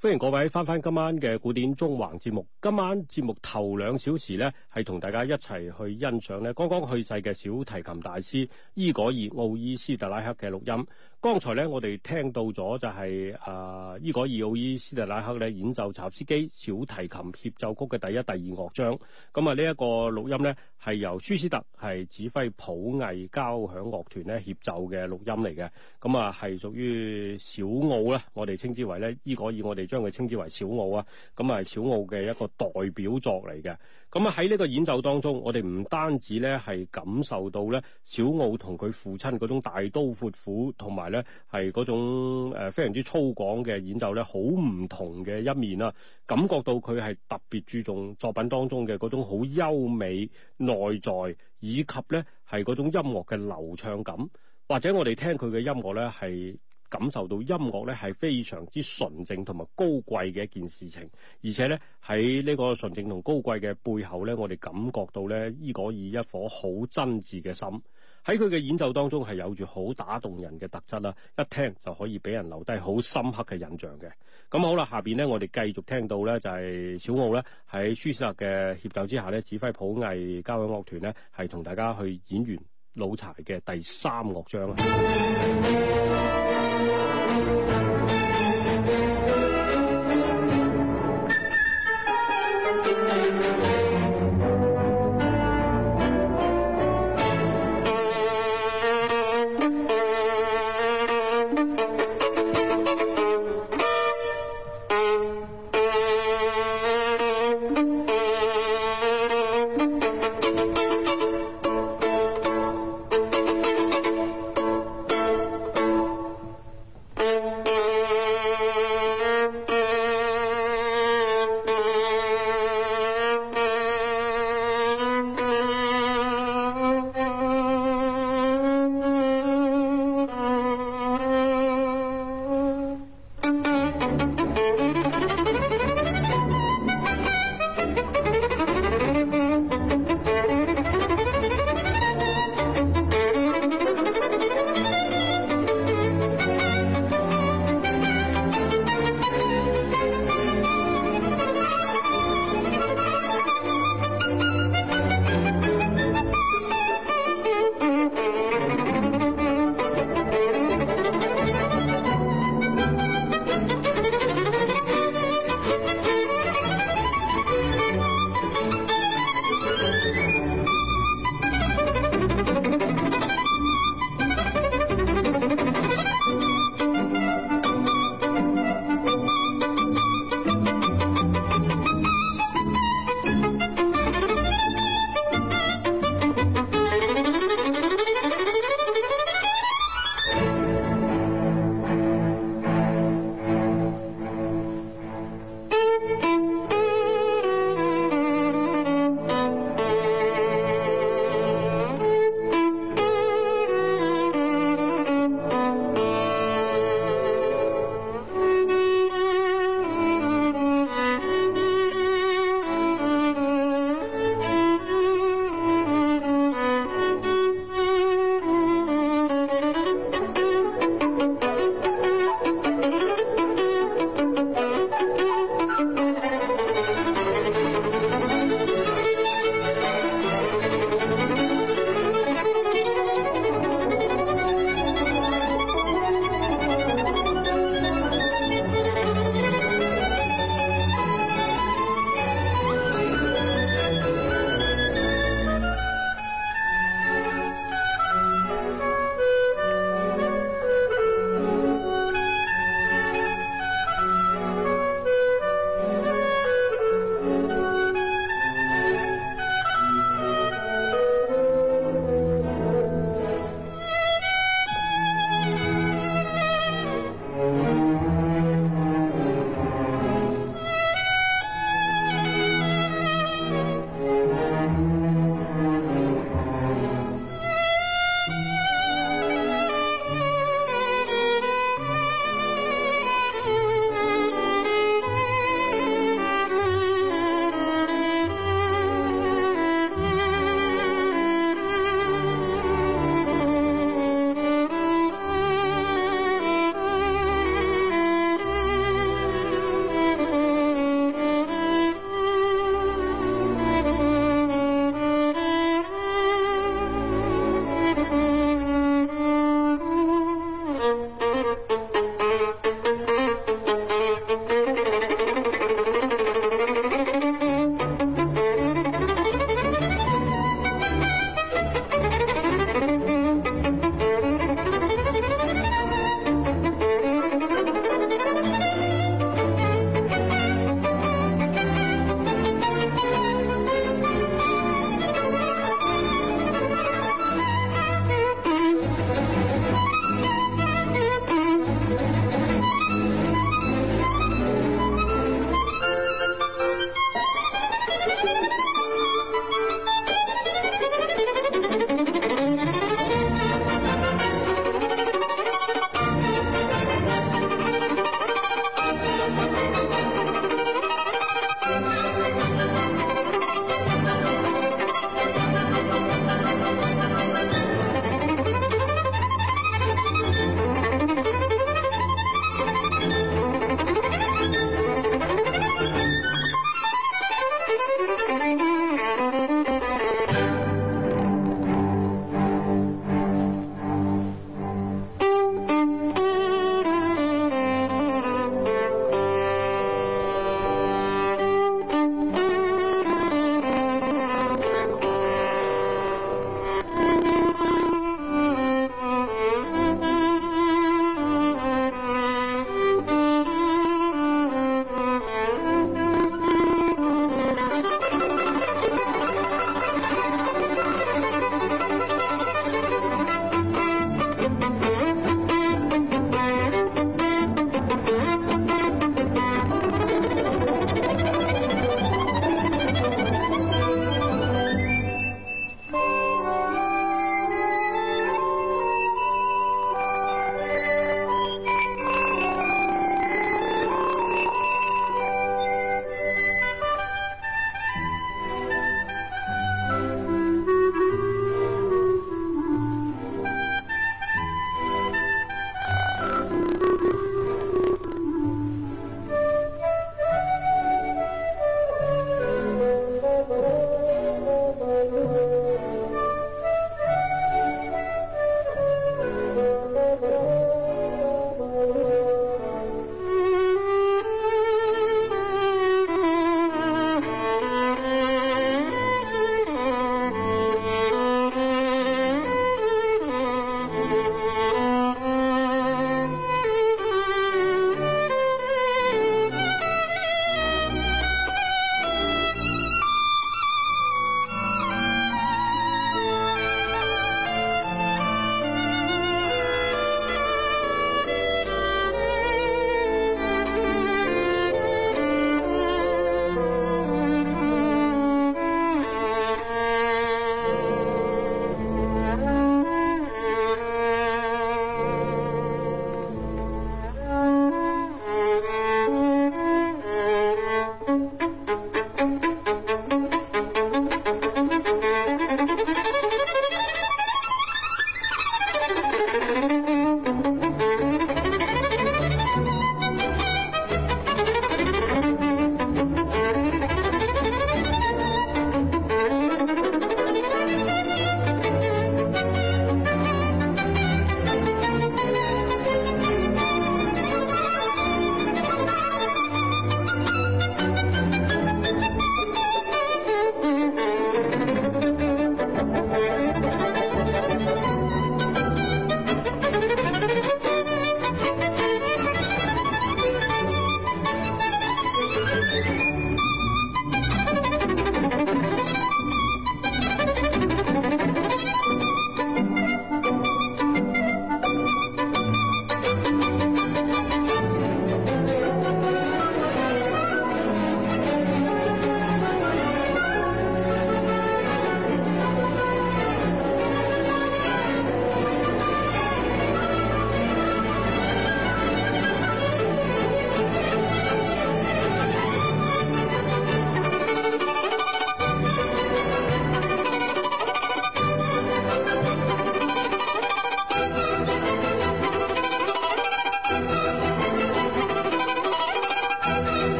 歡迎各位翻翻今晚嘅古典縱橫節目。今晚節目頭兩小時咧，係同大家一齊去欣賞咧剛剛去世嘅小提琴大師伊果爾奧伊斯特拉克嘅錄音。剛才咧，我哋聽到咗就係、是、誒、呃，伊果爾奧伊斯特拉克咧演奏柴斯基小提琴協奏曲嘅第一、第二樂章。咁啊，呢一個錄音呢，係由舒斯特係指揮普藝交響樂團咧協奏嘅錄音嚟嘅。咁啊，係屬於小奧啦，我哋稱之為咧伊果爾，我哋將佢稱之為小奧啊。咁啊，小奧嘅一個代表作嚟嘅。咁啊，喺呢個演奏當中，我哋唔單止咧係感受到咧小奧同佢父親嗰種大刀闊斧，同埋咧係嗰種誒非常之粗獷嘅演奏咧，好唔同嘅一面啦，感覺到佢係特別注重作品當中嘅嗰種好優美內在，以及咧係嗰種音樂嘅流暢感，或者我哋聽佢嘅音樂咧係。感受到音樂咧係非常之純正同埋高貴嘅一件事情，而且呢，喺呢個純正同高貴嘅背後呢，我哋感覺到呢，伊戈爾一顆好真摯嘅心，喺佢嘅演奏當中係有住好打動人嘅特質啦、啊，一聽就可以俾人留低好深刻嘅印象嘅。咁好啦，下邊呢，我哋繼續聽到呢，就係、是、小奧咧喺舒斯特嘅協奏之下呢，指揮普藝交響樂團呢係同大家去演繹《老柴》嘅第三樂章啦、啊。